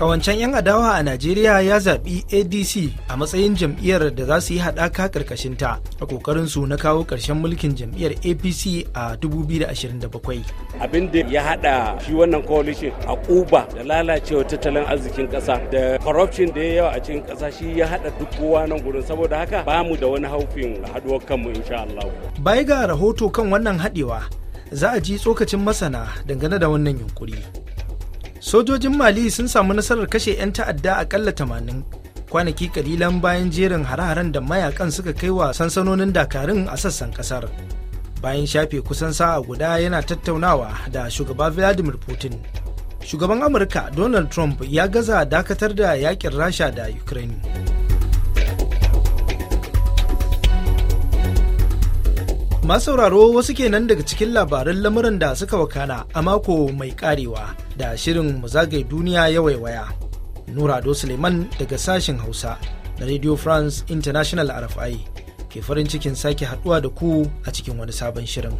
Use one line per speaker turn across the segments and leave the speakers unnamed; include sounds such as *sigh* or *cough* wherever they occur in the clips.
Kawancen 'yan adawa a Najeriya ya zaɓi ADC a matsayin jam'iyyar da za su yi haɗaka ƙarƙashinta a ƙoƙarinsu na kawo ƙarshen mulkin jam'iyyar APC a 2027.
Abin da ya haɗa shi wannan coalition a ƙuba da lalacewa tattalin arzikin ƙasa da corruption da ya yawa a cikin ƙasa shi ya haɗa duk kowa nan gurin saboda haka ba mu da wani haufin haɗuwar kanmu insha Allah.
Baya ga rahoto kan wannan haɗewa za a ji tsokacin masana dangane da wannan yunkuri. sojojin mali sun samu nasarar kashe 'yan ta'adda akalla tamanin, kwanaki kalilan bayan jerin hare-haren da mayakan suka kai wa sansanonin dakarun a sassan kasar bayan shafe kusan sa'a guda yana tattaunawa da shugaba vladimir putin shugaban amurka donald trump ya gaza dakatar da yakin rasha da ukraine sauraro wasu kenan daga cikin labaran lamuran da suka wakana a mako mai karewa da shirin mu zagaye duniya ya waiwaya. Nurado Suleiman daga sashen Hausa na Radio France International RFI ke farin cikin sake haduwa da ku a cikin wani sabon shirin.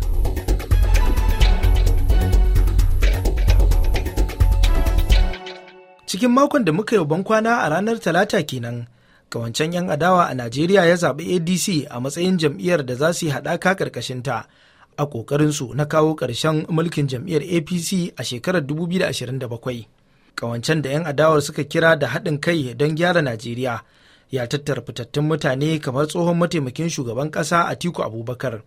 Cikin makon da muka yi kwana a ranar Talata kenan. kawancen 'yan adawa a najeriya ya zaɓi adc a matsayin jam'iyyar da za su yi haɗaka ta a ƙoƙarinsu na kawo ƙarshen mulkin jam'iyyar apc a shekarar 2027 kawancen da 'yan adawar suka kira da haɗin kai don gyara najeriya ya tattara fitattun mutane kamar tsohon mataimakin shugaban ƙasa atiku abubakar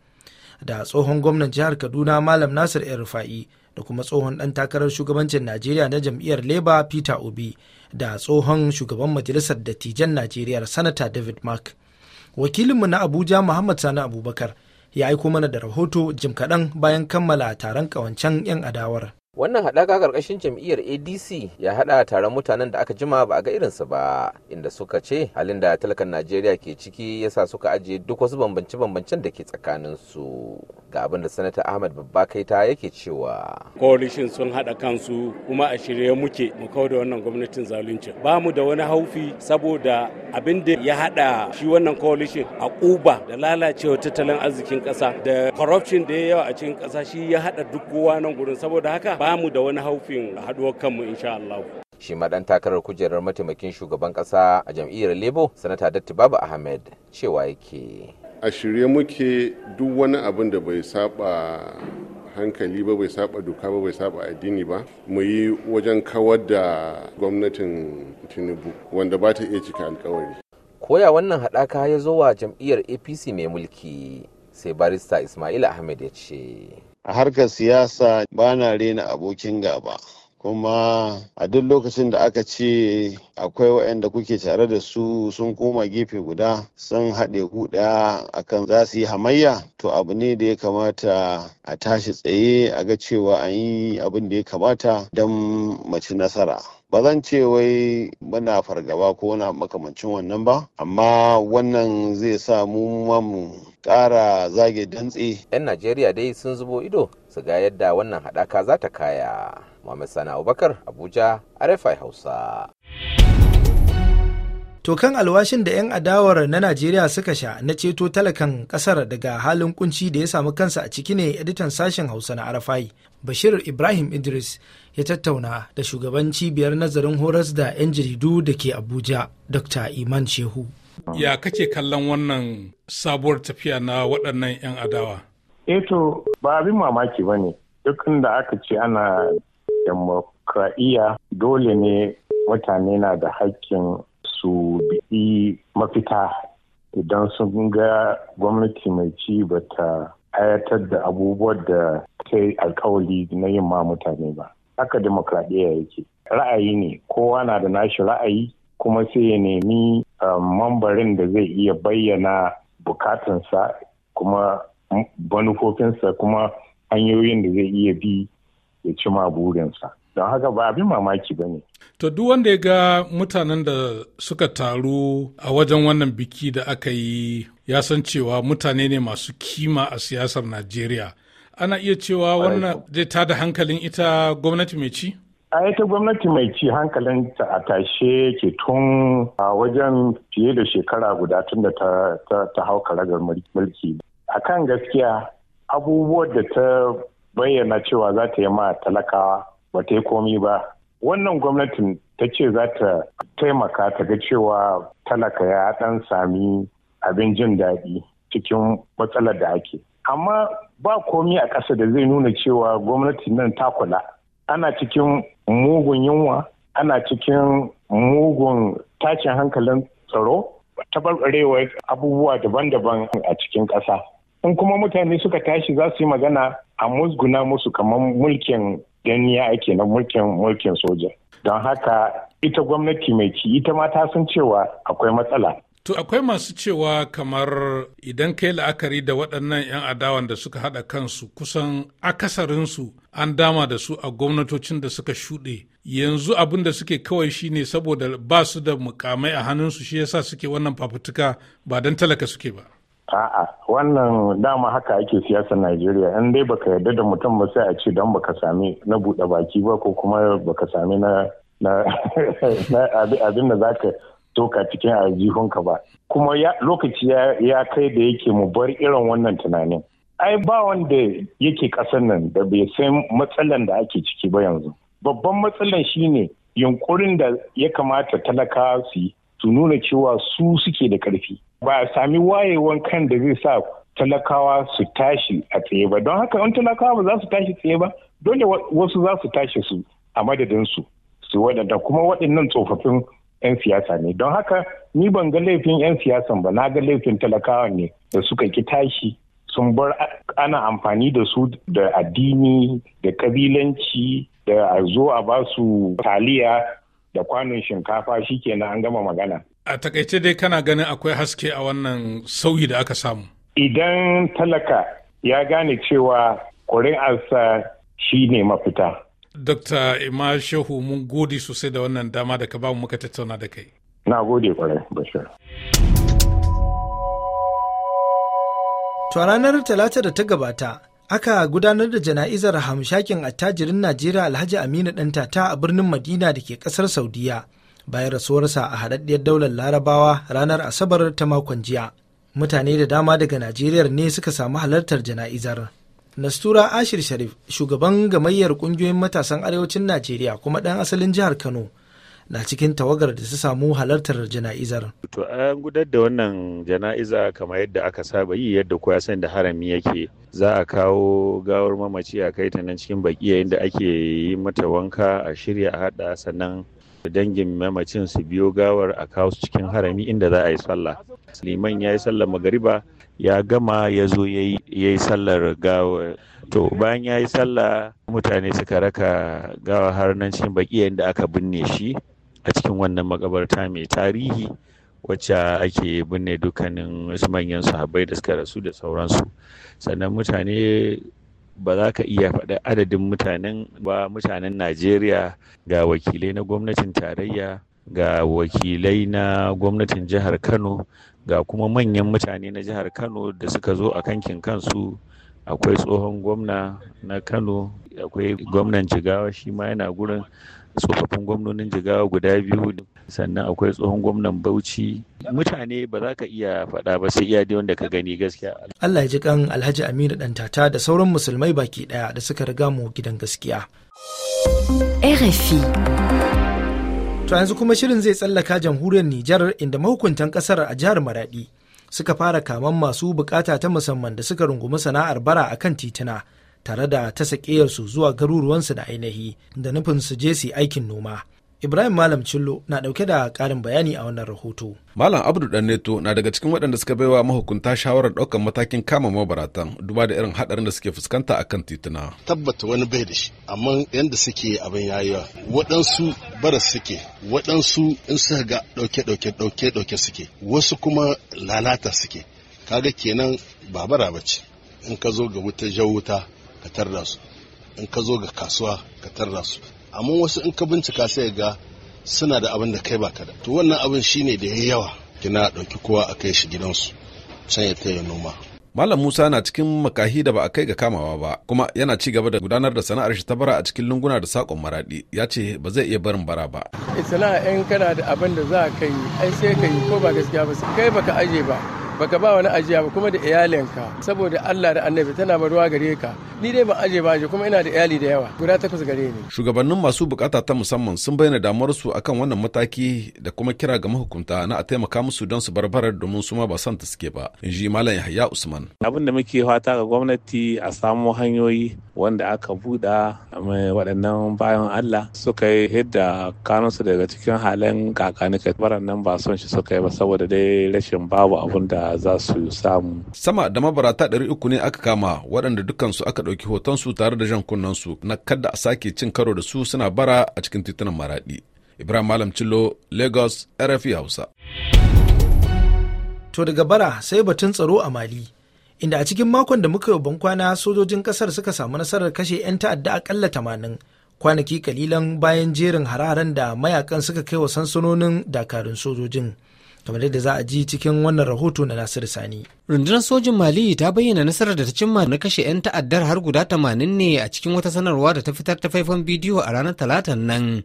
da tsohon gwamnan jihar kaduna malam nasir el rufa'i da kuma tsohon ɗan takarar shugabancin najeriya na jam'iyyar labour peter obi da tsohon shugaban majalisar dattijan najeriya sanata david mark wakilinmu na abuja muhammad sani abubakar ya aiko mana da rahoto jim kaɗan bayan kammala taron ƙawancen 'yan adawar
wannan haɗaka ƙarƙashin jam'iyyar adc ya haɗa taron mutanen da aka jima ba a ga irinsu ba inda suka ce halin da talakan najeriya ke ciki yasa suka ajiye duk wasu bambance-bambancen da ke tsakanin su ga abin da sanata ahmad babba kai ta yake cewa
coalition sun haɗa kansu kuma a shirye muke mu kawo da wannan gwamnatin zalunci ba mu da wani haufi saboda abin da ya haɗa shi wannan coalition a ƙuba da lalacewa tattalin arzikin ƙasa da corruption da ya yawa a cikin ƙasa shi ya haɗa duk kowa nan gurin saboda haka bamu da wani haufin haɗuwar kanmu insha Allah.
Shi ma ɗan takarar kujerar mataimakin shugaban ƙasa a jam'iyyar lebo Sanata datti babu Ahmed, cewa yake.
A shirye muke duk wani abin da bai saba hankali ba bai saba doka ba bai saba addini
ba mu yi wajen kawar da gwamnatin tinubu wanda ba ta iya cika alkawari
koya wannan haɗaka ya zo wa jam'iyyar apc mai mulki sai barista ismail ahmed ya ce
a harkar siyasa ba na rena abokin gaba kuma a duk lokacin da aka ce akwai waɗanda kuke tare da su sun koma gefe guda sun haɗe huɗa kan za su yi hamayya to abu ne da ya kamata a tashi tsaye a ga cewa an yi abin da ya kamata don mace nasara ba zan ce wai muna fargaba ko na makamancin wannan ba amma wannan zai sa mu mu kara zage dantse
'yan najeriya dai sun zubo ido su ga yadda wannan hadaka za ta kaya muhammad sani abubakar abuja rfi hausa
tokan alwashin da 'yan adawar na najeriya suka sha na ceto talakan kasar daga halin kunci da ya samu kansa a ciki ne editan sashen hausa na arafai bashir ibrahim idris ya tattauna da shugaban cibiyar nazarin horas da 'yan jaridu da ke abuja dr iman shehu
ya kake kallon wannan sabuwar tafiya na waɗannan 'yan adawa
eto eh ba abin mamaki ba ne duk da aka ce ana dole ne mutane na da haƙƙin. su bi mafita idan sun ga gwamnati mai ci bata ayatar da abubuwan da ta yi alkawali na yin ma mutane ba haka demokradiyya yake ra'ayi ne kowa na da nashi ra'ayi kuma sai ya nemi ah, mambarin da zai iya bayyana bukatansa kuma manufofinsa kuma hanyoyin da zai iya bi ya ci ma burinsa don haka ba abin mamaki ba ne.
To duk wanda ya ga mutanen da suka taru a wajen wannan biki da aka yi ya san cewa mutane ne masu kima a siyasar Najeriya. Ana iya cewa wannan zai ta da hankalin ita gwamnati
mai ci? A ita gwamnati mai ci hankalin ta a tashe ke tun a wajen fiye da shekara guda tun da ta hau karagar mulki. A kan gaskiya abubuwan da ta bayyana cewa za ta yi ma talakawa ba ta yi komi ba wannan gwamnatin ta ce za ta taimaka ta ga cewa talaka ya dan sami abin jin daɗi cikin matsalar da ake amma ba komi a ƙasa da zai nuna cewa gwamnati nan ta kula ana cikin mugun yunwa ana cikin mugun tashin hankalin tsaro tabarbarewar abubuwa daban-daban a cikin ƙasa in kuma mutane suka tashi za su yi magana a musguna musu kamar mulkin ya ake na mulkin mulkin soja don haka ita gwamnati mai ci ita ma ta san cewa akwai matsala
To akwai masu cewa kamar idan kai la'akari da waɗannan 'yan adawan da suka haɗa kansu kusan akasarinsu an dama da su a gwamnatocin da suka shuɗe yanzu abin da suke kawai shine saboda ba su da mukamai a hannunsu shi yasa suke wannan fafutuka ba don talaka suke ba.
A'a wannan dama haka ake siyasar Najeriya in dai baka yarda da mutum ba sai a ce don baka sami na buɗe baki ba ko kuma baka sami na *laughs* abin da zaka toka cikin aljihunka ba. Kuma lokaci ya kai da yake mu bar irin wannan tunanin. Ai ba wanda yake ƙasar nan da bai san matsalan da ake ciki ba yanzu. Babban matsalan shine yunkurin da ya kamata talakawa su yi su nuna cewa su suke da ƙarfi ba a sami wayewan kan da zai sa talakawa su tashi a tsaye ba don haka in talakawa ba za su tashi tsaye ba dole wasu za su tashi su a madadinsu su waɗanda kuma waɗannan tsofaffin 'yan siyasa ne don haka ni ban ga laifin 'yan siyasan ba na ga laifin talakawa ne da suka ki tashi sun bar ana amfani da su da addini da kabilanci da a zo a ba su taliya da kwanon shinkafa shi kenan an gama magana.
A takaice dai kana ganin akwai haske a wannan sauyi da aka samu.
Idan talaka ya gane cewa alsa shi ne mafita.
Dr. Ima Shehu mun gode sosai da wannan dama da ka bamu muka tattauna da kai.
Na gode kwarai
Bashir.
To ranar talata da ta gabata aka gudanar da jana'izar hamshakin attajirin Najeriya Alhaji Aminu Dantata a birnin Madina da ke kasar Saudiya bayan rasuwarsa a haɗaɗɗiyar daular Larabawa ranar Asabar ta makon jiya. Mutane da dama daga Najeriya ne suka samu halartar jana'izar. Nastura Ashir Sharif, shugaban gamayyar ƙungiyoyin matasan arewacin Najeriya kuma ɗan asalin jihar Kano, na cikin tawagar da su samu halartar jana'izar.
To an gudar da wannan jana'iza kamar yadda aka saba yi yadda kowa san da harami yake za a kawo gawar mamaci a kai ta nan cikin yayin inda ake yi mata wanka a shirya a haɗa sannan dangin mamacin su biyo gawar a kawo su cikin harami inda za a yi sallah. Liman ya yi sallar magariba ya gama ya zo ya yi sallar gawar. to bayan ya yi sallah mutane suka raka gawa har nan cikin baki yayin da aka binne shi a cikin wannan makabarta mai tarihi wacce ake binne dukkanin wasu manyan sahabbai da suka rasu da sauransu sannan mutane ba za ka iya faɗa adadin mutanen ba mutanen najeriya ga wakilai na gwamnatin tarayya ga wakilai na gwamnatin jihar kano ga kuma manyan mutane na jihar kano da suka zo a kankin kansu akwai tsohon gwamna na kano akwai gwamnan jigawa shi ma yana gurin tsofaffin gwamnonin jigawa guda biyu sannan akwai tsohon gwamnan bauchi mutane ba za ka iya faɗa ba sai iya dai wanda ka gani gaskiya
Allah ya ji kan Alhaji Aminu Tata da sauran musulmai baki ɗaya da suka riga mu gidan gaskiya RFI To yanzu kuma shirin zai tsallaka jamhuriyar Nijar inda mahukuntan kasar a jihar Maradi suka fara kaman masu bukata ta musamman da suka rungumi sana'ar bara akan tituna tare da ta sakiyarsu zuwa garuruwansu da ainihi da nufin su je su aikin noma. Ibrahim Malam Cillo na ɗauke da karin bayani a wannan rahoto.
Malam Abdu Danneto na daga cikin waɗanda suka baiwa mahukunta shawarar ɗaukar matakin kama mabaratan duba da irin haɗarin da suke fuskanta akan tituna. Tabbata wani bai da shi, amma yadda suke abin yayewa waɗansu bara suke, waɗansu in suka ga ɗauke-ɗauke ɗauke-ɗauke suke, wasu kuma lalata suke. Kaga kenan ba bara bace. In ka zo ga wuta jau wuta ka tarda su in ka zo ga kasuwa ka tarda su amma wasu in ka bincika sai ga suna da abin da kai baka da to wannan abin shine da yayi yawa kina ɗauki kowa a kai shi gidansu can ya taya noma Malam Musa na cikin makahi da ba a kai ga kamawa ba, kuma yana ci gaba da gudanar da sana'ar shi ta bara a cikin lunguna da sakon maradi. Ya ce ba zai iya barin bara ba.
Isla eh, in kana da abin da za ka yi, ai sai ka yi ko ba gaskiya ba, kai baka aje ba, baka ba wani ajiya ba kuma da iyalinka, saboda Allah da Annabi tana barwa gare ka. ni dai ba aje ba aje kuma ina da iyali da yawa guda takwas gare ni
shugabannin masu bukata ta musamman sun bayyana su akan wannan mataki da kuma kira ga mahukunta na a taimaka musu don su barbarar domin su ma ba son ta suke ba in ji malam yahya usman
abin da muke fata
ga gwamnati a samo hanyoyi wanda aka buɗa waɗannan bayan allah suka yi hidda kanunsu daga cikin halin kakanika baran nan ba son shi suka yi ba saboda dai rashin babu abin da za su samu
sama da mabarata ɗari uku ne aka kama waɗanda dukansu aka ɗauki hoton su tare da jan su na kada a sake cin karo da su suna bara a cikin titunan maraɗi. Ibrahim Malam Cillo, Lagos, RFI Hausa.
To daga bara sai batun tsaro a Mali, inda a cikin makon da muka yi bankwana sojojin kasar suka samu nasarar kashe 'yan ta'adda akalla tamanin kwanaki kalilan bayan jerin hararen da mayakan suka kai wa sansanonin dakarun sojojin. kamar yadda za a ji cikin wannan rahoto na Nasiru Sani. Rundunar sojin Mali ta bayyana nasarar da ta
cimma na kashe 'yan ta'addar har guda 80 ne a cikin wata sanarwa da ta fitar ta faifan bidiyo a ranar Talatan nan.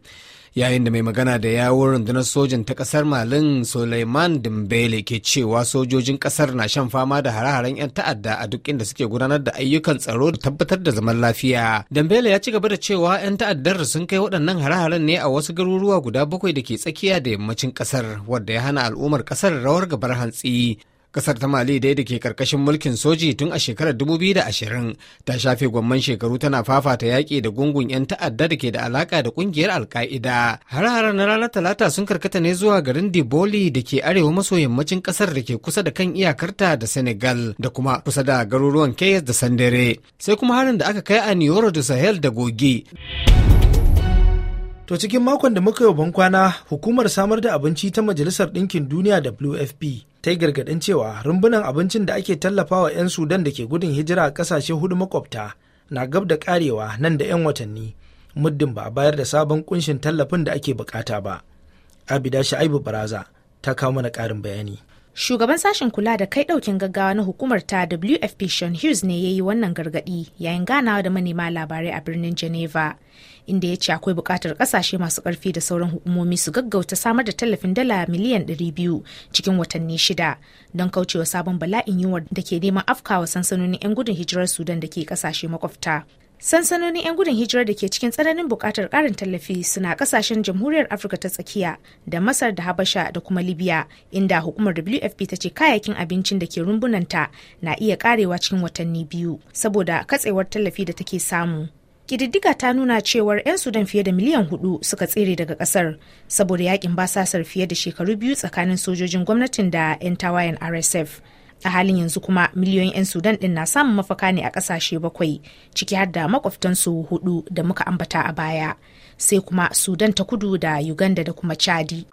yayin da mai magana da yawon rundunar sojin ta kasar malin suleiman dimbele ke cewa sojojin kasar na shan fama da hare-haren 'yan ta'adda a duk inda suke gudanar da ayyukan tsaro da tabbatar da zaman lafiya Dembele ya ci gaba da cewa 'yan ta'addar sun kai waɗannan hare-haren ne a wasu garuruwa guda bakwai da ke tsakiya da yammacin kasar wadda ya hana al'ummar kasar rawar gabar hantsi Kasar ta Mali dai da ke karkashin mulkin soji tun a shekarar 2020 ta shafe gwamman shekaru tana fafata yaƙi da gungun 'yan ta'adda da ke da alaƙa da kungiyar alka'ida. Har-haren na ranar Talata sun karkata ne zuwa garin Diboli da ke arewa maso yammacin kasar da ke kusa da kan iyakarta da Senegal da kuma kusa da garuruwan Kayes
da Sandere. Sai kuma harin da aka kai a niyoro da Sahel da Gogi. To cikin makon da muka yi kwana hukumar samar da abinci ta Majalisar Ɗinkin Duniya WFP ta yi gargaɗin cewa rumbunan abincin da ake tallafawa 'yan sudan da ke gudun hijira a ƙasashe hudu makwabta na gab da karewa nan da 'yan watanni muddin ba a bayar da sabon kunshin tallafin da ake bukata ba abida sha'ibu baraza ta kawo mana karin bayani
Shugaban sashen kula da kai daukin gaggawa na hukumar ta WFP Sean Hughes ne ya yi wannan gargadi yayin ganawa da manema labarai a birnin Geneva. inda ya ce akwai bukatar kasashe masu karfi da sauran hukumomi su gaggauta samar da tallafin dala miliyan 200 cikin watanni shida don kaucewa sabon bala'in yunwar da ke neman afkawa sansanonin 'yan gudun hijirar Sudan da ke kasashe makwabta. sansanonin 'yan gudun hijirar da ke cikin tsananin bukatar karin tallafi suna kasashen jamhuriyar afirka ta tsakiya da masar da habasha da kuma libya inda hukumar wfp ta ce kayayyakin abincin da ke rumbunanta na iya karewa cikin watanni biyu saboda katsewar tallafi da take samu Kididdiga ta nuna cewar 'yan Sudan fiye da miliyan hudu suka tsere daga kasar saboda yakin basasar fiye da shekaru biyu tsakanin sojojin gwamnatin da 'yan tawayen RSF. A halin yanzu kuma miliyoyin 'yan Sudan din na samun mafaka ne a kasashe bakwai ciki har da makwabtansu hudu da muka ambata a baya. Sai kuma Sudan ta kudu da Uganda da kuma Chadi.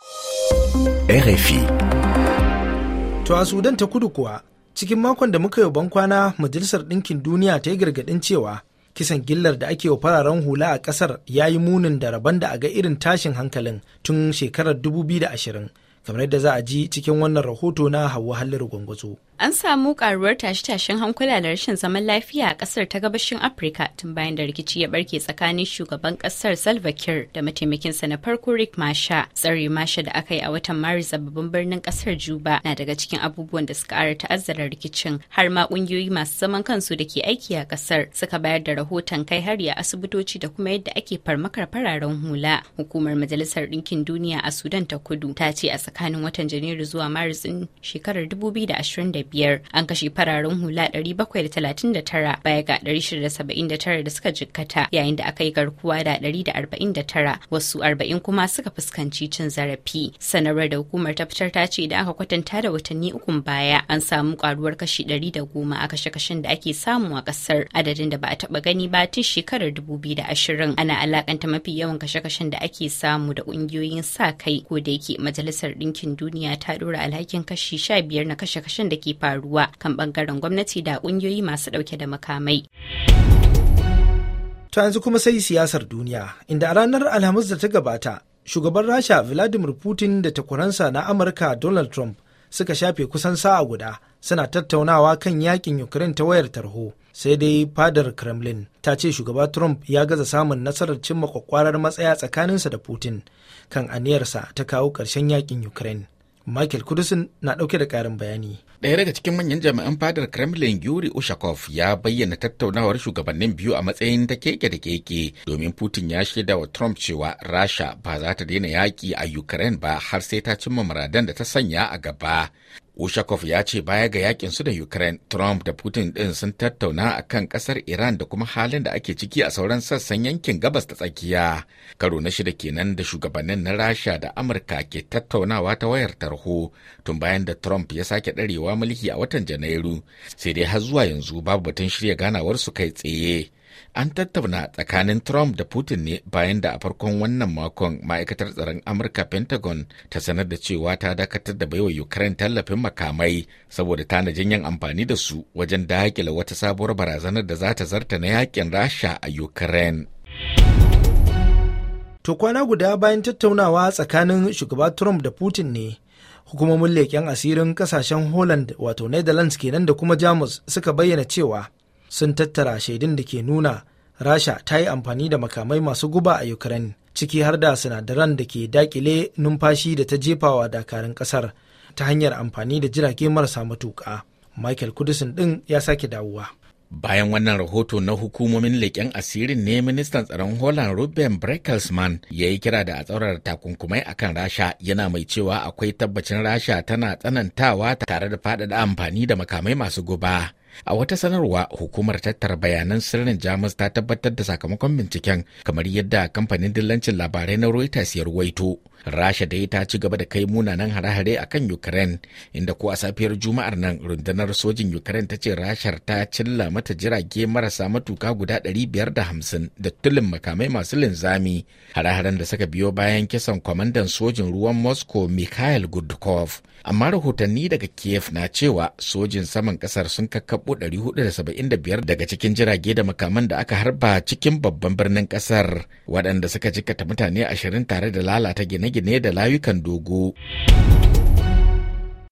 To a Sudan ta kudu kuwa cikin makon da muka yi bankwana majalisar ɗinkin duniya ta yi gargaɗin cewa kisan gillar da ake wa fararen hula a kasar ya yi munin da rabon da a ga irin tashin hankalin tun shekarar 2020 kamar yadda za a ji cikin wannan rahoto na hawa halin gwangwazo.
An samu karuwar tashe-tashen hankula da rashin zaman lafiya a kasar ta gabashin Afirka tun bayan da rikici ya barke tsakanin shugaban kasar Salva Kiir da mataimakinsa na farko Rick Masha. Tsare Masha da aka yi a watan Maris a babban birnin kasar Juba na daga cikin abubuwan da suka ƙara ta'azzara rikicin har ma ƙungiyoyi masu zaman kansu da ke aiki a kasar suka bayar da rahoton kai hari a asibitoci da kuma yadda ake farmakar fararen hula. Hukumar Majalisar Ɗinkin Duniya a Sudan ta Kudu ta ce a tsakanin watan Janairu zuwa Maris ɗin shekarar 2025 biyar an kashe fararen hula 739 baya ga 679 da suka jikkata yayin da aka yi garkuwa da 149 wasu 40 kuma suka fuskanci cin zarafi sanarwar da hukumar ta fitar ta ce idan aka kwatanta da watanni ukun baya an samu karuwar kashi 110 a kashe-kashen da ake samu a kasar adadin da ba a taba gani ba tun shekarar 2020 ana alakanta mafi yawan kashe-kashen da ake samu da ƙungiyoyin sa kai ko da yake majalisar ɗinkin duniya ta ɗora alhakin kashi 15 na kashe-kashen da ke faruwa kan bangaren gwamnati da kungiyoyi masu dauke da makamai.
ta yanzu kuma sai siyasar duniya, inda a ranar Alhamis da ta gabata, shugaban Rasha Vladimir Putin da takwaransa na Amurka Donald Trump suka shafe kusan sa'a guda suna tattaunawa kan yakin Ukraine ta wayar tarho. Sai dai fadar Kremlin ta ce shugaba Trump ya gaza samun nasarar cimma kwakwarar matsaya tsakaninsa da Putin kan aniyarsa ta kawo ƙarshen yakin Ukraine. Michael Kudusin na ɗauke da ƙarin bayani.
Ɗaya daga cikin manyan jami'an fadar Kremlin Yuri Ushakov ya bayyana tattaunawar shugabannin biyu a matsayin ta keke da keke domin Putin ya shaida wa Trump cewa Rasha ba za ta daina yaƙi a Ukraine ba har sai ta cimma muradan da ta sanya a gaba. Ushakov ya ce baya ga yakin su da Ukraine, Trump da Putin ɗin sun tattauna a kan ƙasar Iran da kuma halin da ake ciki a sauran sassan yankin gabas ta tsakiya. Karo na shida kenan da shugabannin na Rasha da Amurka ke tattaunawa ta wayar tarho tun bayan da Trump ya sake ɗarewa mulki a watan Janairu. Sai dai har zuwa yanzu babu batun shirya ganawar su kai tsaye. An tattauna tsakanin Trump da Putin ne bayan da a farkon wannan makon ma'aikatar tsaron Amurka Pentagon ta sanar da cewa ta dakatar da baiwa Ukraine tallafin makamai saboda tanajin yin amfani da su wajen dakile wata sabuwar barazanar da za ta zarta na yakin Rasha a Ukraine.
To kwana guda bayan tattaunawa tsakanin shugaba Trump da Putin ne, hukumomin leƙen asirin kasashen Holland wato Netherlands kenan da kuma Jamus suka bayyana cewa sun tattara shaidun da ke nuna rasha ta yi amfani da makamai masu guba a ukraine ciki har da sinadaran da ke dakile numfashi da ta jefawa dakarun kasar ta hanyar amfani da jirage marasa matuƙa michael kudusin ɗin ya sake dawowa
Bayan wannan rahoto na hukumomin leƙen asirin ne ministan tsaron Holland Ruben Breckelsman ya yi kira da a tsaurar takunkumai akan Rasha yana mai cewa akwai tabbacin Rasha tana tsanantawa tare da faɗaɗa amfani da makamai masu guba. A wata sanarwa hukumar tattara bayanan sirrin Jamus ta tabbatar da sakamakon binciken kamar yadda kamfanin dillancin labarai na Reuters ya ruwaito. Rasha dai ta ci gaba da kai munanan hare-hare a kan Ukraine inda ko a safiyar Juma'ar nan rundunar sojin Ukraine ta ce Rashar ta cilla mata jirage marasa matuka guda ɗari biyar da hamsin, tulin makamai masu linzami. Hare-haren da suka biyo bayan kisan kwamandan sojin ruwan Moscow Mikhail Gudkov. Amma rahotanni daga Kiev na cewa sojin saman kasar sun kakkab zaɓaɓɓu 475 daga cikin jirage da makaman da aka harba cikin babban birnin ƙasar waɗanda suka jikata
mutane 20 tare da lalata gine-gine da layukan dogo.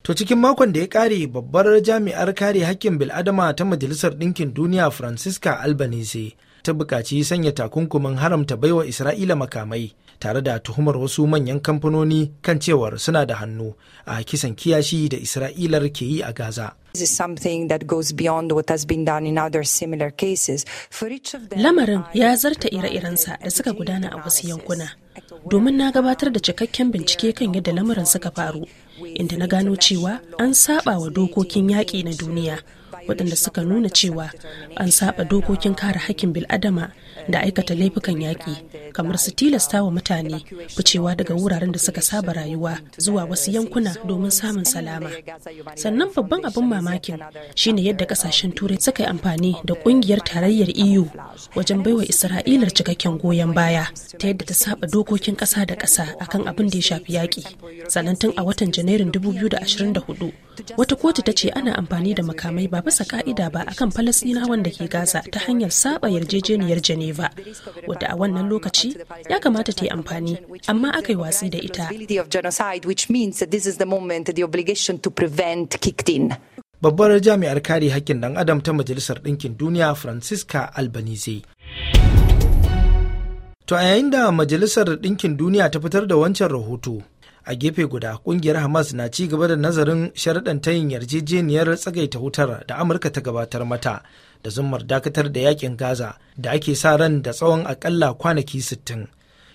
To cikin makon da ya kare babbar jami'ar kare hakkin bil'adama ta Majalisar Ɗinkin Duniya Francisca Albanese ta buƙaci sanya takunkumin haramta baiwa Isra'ila makamai tare da tuhumar wasu manyan kamfanoni kan cewar suna da hannu a kisan kiyashi da Isra'ilar ke yi a Gaza.
Lamarin ya zarta ire-irensa da suka gudana a wasu yankuna. Domin na gabatar da cikakken bincike kan yadda lamarin suka faru, inda na gano cewa an saba wa dokokin yaƙi na duniya, waɗanda suka nuna cewa an saba dokokin kare hakkin bil'adama da aikata laifukan yaƙi kamar su tilasta wa mutane ficewa daga wuraren da suka saba rayuwa zuwa wasu yankuna domin samun salama sannan babban abin mamakin shine yadda kasashen turai suka yi amfani da ƙungiyar tarayyar eu wajen baiwa isra'ilar cikakken goyon baya ta yadda ta saba dokokin ƙasa da ƙasa akan abin da ya shafi yaƙi sanantun a watan janairun 2024 Wata kotu ta ce ana amfani da makamai ba bisa ka'ida ba akan Falasɗinawan wanda ke Gaza ta hanyar saba yarjejeniyar Geneva, wadda a wannan lokaci ya kamata ta yi amfani, amma aka yi watsi da ita.
Babbar jami'ar kare haƙƙin ɗan adam ta Majalisar Ɗinkin Duniya Francisca Albanese. To a yayin da Majalisar Ɗinkin Duniya ta fitar da wancan rahoto, a gefe guda kungiyar hamas na ci gaba da nazarin sharaɗan yin yarjejeniyar tsagaita wutar da amurka ta gabatar mata da zummar dakatar da yakin gaza da ake sa ran da tsawon akalla kwanaki 60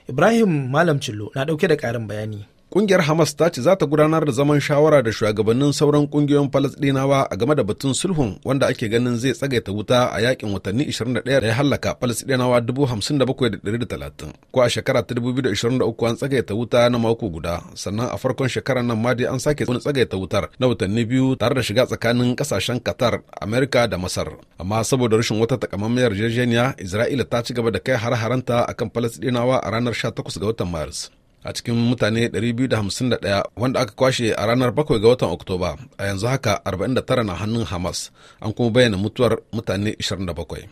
ibrahim malam cillo na ɗauke da ƙarin bayani
Ƙungiyar Hamas ta ce za ta gudanar da zaman shawara da shugabannin sauran ƙungiyoyin Falasɗinawa a game da batun sulhun wanda ake ganin zai tsagaita wuta a yakin watanni 21 da ya hallaka Falasɗinawa 57,130 ko a shekara ta 2023 an tsagaita wuta na mako guda sannan a farkon shekarar nan ma dai an sake wani tsagaita wutar na watanni biyu tare da shiga tsakanin ƙasashen Qatar, Amerika da Masar. Amma saboda rashin wata takamammiyar yarjejeniya Isra'ila ta ci gaba da kai har-haranta akan Falasɗinawa a ranar 18 ga watan Maris. a cikin mutane 251 wanda aka kwashe a ranar 7 ga watan oktoba a yanzu haka 49 na hannun hamas an kuma bayyana mutuwar mutane 27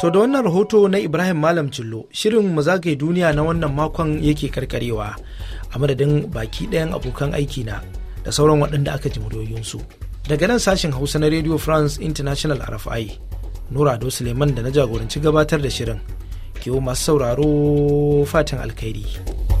To da wannan rahoto na Ibrahim Malam Cillo shirin mu duniya na wannan makon yake karkarewa a madadin baki ɗayan abokan aiki na da sauran waɗanda aka ji muryoyinsu. Daga nan sashen Hausa na Radio France International RFI, Nura Ado Suleiman da na jagoranci gabatar da shirin kewa masu sauraro fatan alkhairi.